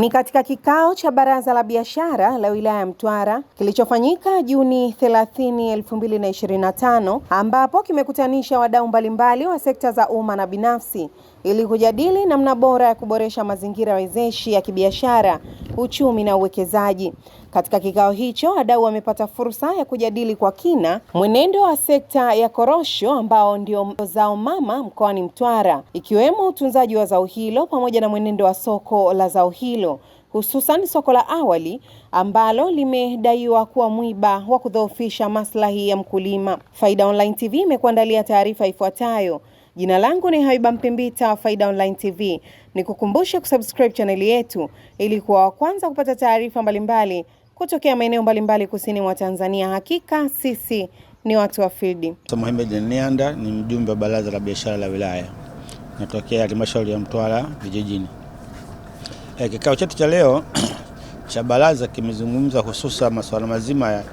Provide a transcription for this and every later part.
Ni katika kikao cha Baraza la Biashara la Wilaya ya Mtwara kilichofanyika Juni 30, 2025 ambapo kimekutanisha wadau mbalimbali wa sekta za umma na binafsi ili kujadili namna bora ya kuboresha mazingira wezeshi ya kibiashara uchumi na uwekezaji. Katika kikao hicho, wadau wamepata fursa ya kujadili kwa kina mwenendo wa sekta ya korosho ambao ndio zao mama mkoani Mtwara, ikiwemo utunzaji wa zao hilo pamoja na mwenendo wa soko la zao hilo hususan soko la awali ambalo limedaiwa kuwa mwiba wa kudhoofisha maslahi ya mkulima. Faida Online TV imekuandalia taarifa ifuatayo. Jina langu ni Haiba Mpimbita, Faida Online TV. Nikukumbushe kusubscribe chaneli yetu ili kuwa wa kwanza kupata taarifa mbalimbali kutokea maeneo mbalimbali kusini mwa Tanzania. Hakika sisi ni watu wa field. Mohamed Nianda ni mjumbe wa Baraza la Biashara la Wilaya, natokea halmashauri ya Mtwara vijijini. E, kikao chetu cha leo cha baraza kimezungumza hususa masuala mazima ya,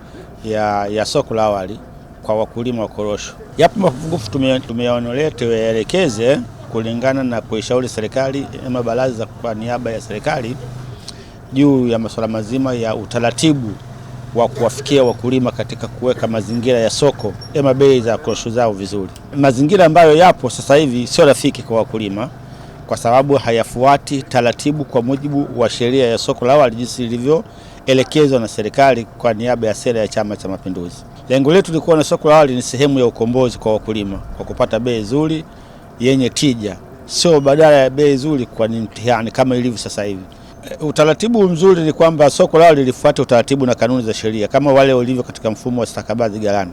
ya, ya soko la awali kwa wakulima wa korosho. Yapo mapungufu tumeyaonelea tuyaelekeze kulingana na kuishauri serikali ama baraza kwa niaba ya serikali juu ya masuala mazima ya utaratibu wa kuwafikia wakulima katika kuweka mazingira ya soko ama bei za korosho zao vizuri. Mazingira ambayo yapo sasa hivi sio rafiki kwa wakulima, kwa sababu hayafuati taratibu kwa mujibu wa sheria ya soko la awali jinsi ilivyo elekezwa na serikali kwa niaba ya sera ya Chama cha Mapinduzi. Lengo letu lilikuwa na soko la awali ni sehemu ya ukombozi kwa wakulima kwa kupata bei nzuri yenye tija, sio badala ya bei nzuri kwa ni mtihani kama ilivyo sasa hivi. Eh, utaratibu mzuri ni kwamba soko awali lilifuata utaratibu na kanuni za sheria kama wale walivyo katika mfumo wa stakabadhi ghalani,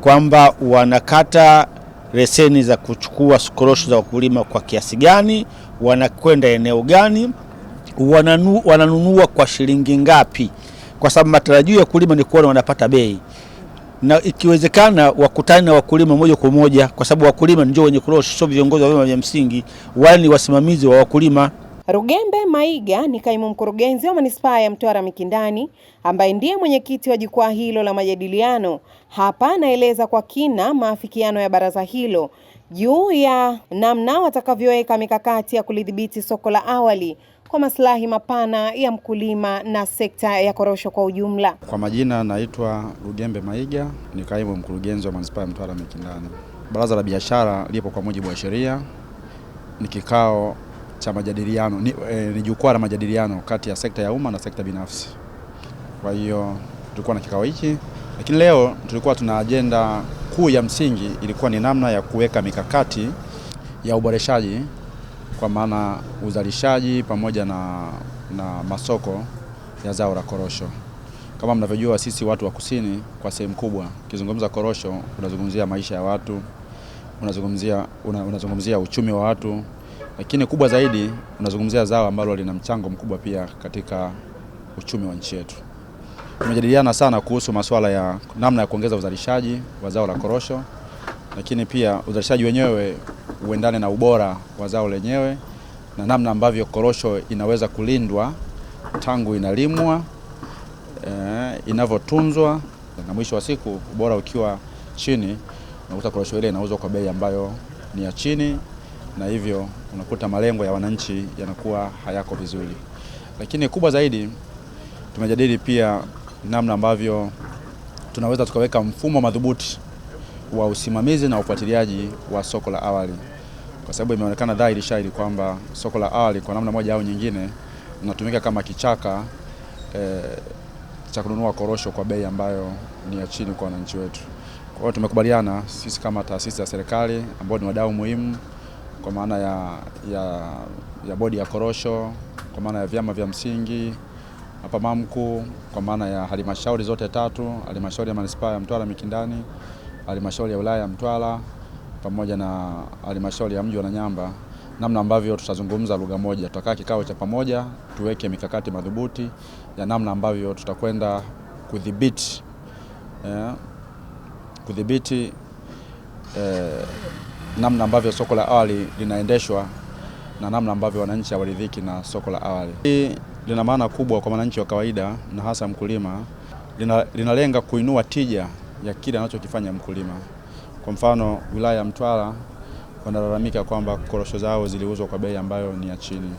kwamba wanakata leseni za kuchukua korosho za wakulima kwa kiasi gani, wanakwenda eneo gani wananu, wananunua kwa shilingi ngapi, kwa sababu matarajio ya kulima ni kuona wanapata bei, na ikiwezekana wakutane na wakulima moja kwa moja, kwa sababu wakulima ndio wenye korosho, sio viongozi wa vyama vya msingi, wale ni wasimamizi wa wakulima. Rugembe Maiga ni kaimu mkurugenzi wa manispaa ya Mtwara Mikindani ambaye ndiye mwenyekiti wa jukwaa hilo la majadiliano. Hapa anaeleza kwa kina maafikiano ya baraza hilo juu ya namna watakavyoweka mikakati ya kulidhibiti soko la awali kwa maslahi mapana ya mkulima na sekta ya korosho kwa ujumla. Kwa majina naitwa rugembe Maiga, ni kaimu mkurugenzi wa manispaa ya Mtwara Mikindani. Baraza la biashara lipo kwa mujibu wa sheria, ni kikao cha majadiliano, ni, eh, ni jukwaa la majadiliano kati ya sekta ya umma na sekta binafsi. Kwa hiyo tulikuwa na kikao hiki, lakini leo tulikuwa tuna ajenda kuu ya msingi ilikuwa ni namna ya kuweka mikakati ya uboreshaji kwa maana uzalishaji pamoja na, na masoko ya zao la korosho. Kama mnavyojua sisi watu wa kusini kwa sehemu kubwa, ukizungumza korosho unazungumzia maisha ya watu, unazungumzia, una, unazungumzia uchumi wa watu, lakini kubwa zaidi unazungumzia zao ambalo lina mchango mkubwa pia katika uchumi wa nchi yetu. Tumejadiliana sana kuhusu masuala ya namna ya kuongeza uzalishaji wa zao la korosho lakini pia uzalishaji wenyewe uendane na ubora wa zao lenyewe na namna ambavyo korosho inaweza kulindwa tangu inalimwa, eh, inavyotunzwa na mwisho wa siku ubora ukiwa chini, unakuta korosho ile inauzwa kwa bei ambayo ni ya chini, na hivyo unakuta malengo ya wananchi yanakuwa hayako vizuri. Lakini kubwa zaidi tumejadili pia namna ambavyo tunaweza tukaweka mfumo madhubuti wa usimamizi na ufuatiliaji wa soko la awali, kwa sababu imeonekana dhahiri shahiri kwamba soko la awali kwa namna moja au nyingine linatumika kama kichaka e, cha kununua korosho kwa bei ambayo ni ya chini kwa wananchi wetu. Kwa hiyo tumekubaliana sisi kama taasisi za serikali ambao ni wadau muhimu kwa maana ya, ya, ya bodi ya korosho kwa maana ya vyama vya msingi hapa Mamku, kwa maana ya halmashauri zote tatu, halmashauri ya manispaa ya Mtwara Mikindani halmashauri ya wilaya ya Mtwara pamoja na halmashauri ya mji wa Nanyamba namna ambavyo tutazungumza lugha moja, tutakaa kikao cha pamoja, tuweke mikakati madhubuti ya namna ambavyo tutakwenda kudhibiti eh, kudhibiti eh, namna ambavyo soko la awali linaendeshwa na namna ambavyo wananchi hawaridhiki na soko la awali. Hii lina maana kubwa kwa wananchi wa kawaida na hasa mkulima. Lina, linalenga kuinua tija ya kile anachokifanya mkulima. Kwa mfano, wilaya ya Mtwara wanalalamika kwamba korosho zao ziliuzwa kwa bei ambayo ni ya chini.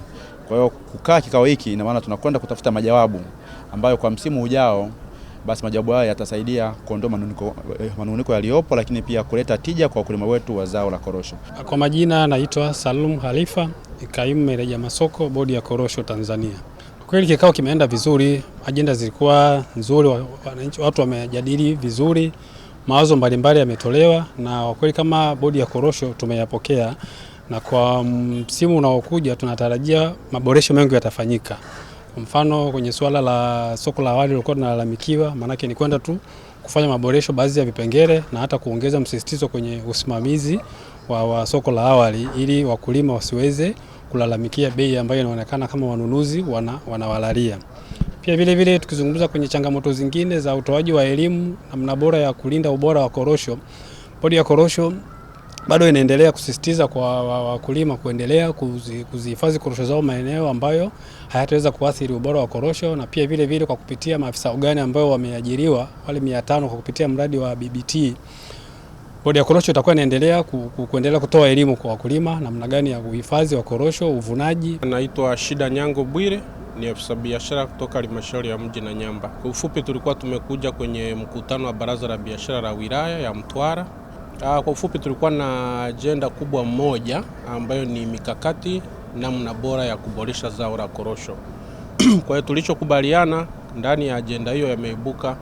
Kwa hiyo kukaa kikao hiki, ina maana tunakwenda kutafuta majawabu ambayo kwa msimu ujao basi majawabu hayo yatasaidia kuondoa eh, manuniko yaliyopo, lakini pia kuleta tija kwa wakulima wetu wa zao la korosho. Kwa majina naitwa Salum Halifa, kaimu meneja masoko, bodi ya korosho Tanzania. Kweli kikao kimeenda vizuri, ajenda zilikuwa nzuri, wananchi watu wamejadili vizuri, mawazo mbalimbali yametolewa, na kwa kweli kama bodi ya korosho tumeyapokea, na kwa msimu unaokuja tunatarajia maboresho mengi yatafanyika. Kwa mfano kwenye suala la soko la awali lilikuwa tunalalamikiwa, maanake ni kwenda tu kufanya maboresho baadhi ya vipengele na hata kuongeza msisitizo kwenye usimamizi wa, wa soko la awali ili wakulima wasiweze kulalamikia bei ambayo inaonekana kama wanunuzi wanawalalia pia vile vile, tukizungumza kwenye changamoto zingine za utoaji wa elimu, namna bora ya kulinda ubora wa korosho, bodi ya korosho bado inaendelea kusisitiza kwa wakulima kuendelea kuzihifadhi korosho zao maeneo ambayo hayataweza kuathiri ubora wa korosho, na pia vile vile kwa kupitia maafisa ugani ambao wameajiriwa wale 500 kwa kupitia mradi wa BBT Bodi ya Korosho itakuwa inaendelea ku, ku, kuendelea kutoa elimu kwa wakulima namna gani ya uhifadhi wa korosho, uvunaji. Naitwa Shida Nyango Bwire ni afisa biashara kutoka halmashauri ya mji Nanyamba. Kwa ufupi, tulikuwa tumekuja kwenye mkutano wa baraza la biashara la wilaya ya Mtwara. Ah, kwa ufupi, tulikuwa na ajenda kubwa moja ambayo ni mikakati namna bora ya kuboresha zao la korosho. Kwa hiyo tulichokubaliana ndani ya ajenda hiyo yameibuka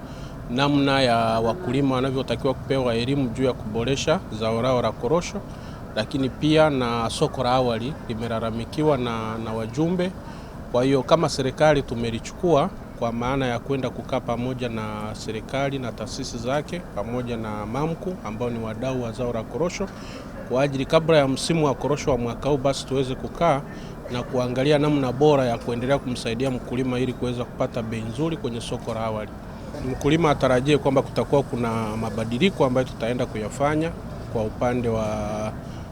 namna ya wakulima wanavyotakiwa kupewa elimu juu ya kuboresha zao lao la korosho, lakini pia na soko la awali limelalamikiwa na, na wajumbe. Kwa hiyo kama serikali tumelichukua kwa maana ya kwenda kukaa pamoja na serikali na taasisi zake pamoja na MAMCU ambao ni wadau wa zao la korosho kwa ajili kabla ya msimu wa korosho wa mwaka huu, basi tuweze kukaa na kuangalia namna bora ya kuendelea kumsaidia mkulima ili kuweza kupata bei nzuri kwenye soko la awali mkulima atarajie kwamba kutakuwa kuna mabadiliko ambayo tutaenda kuyafanya kwa upande wa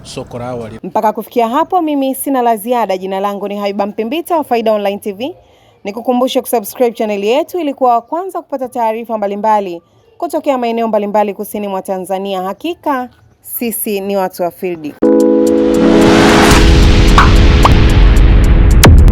soko la awali. Mpaka kufikia hapo, mimi sina la ziada. Jina langu ni Haiba Mpimbita wa Faida Online TV. Nikukumbushe kusubscribe chaneli yetu ili kuwa wa kwanza kupata taarifa mbalimbali kutokea maeneo mbalimbali kusini mwa Tanzania. Hakika sisi ni watu wa fieldi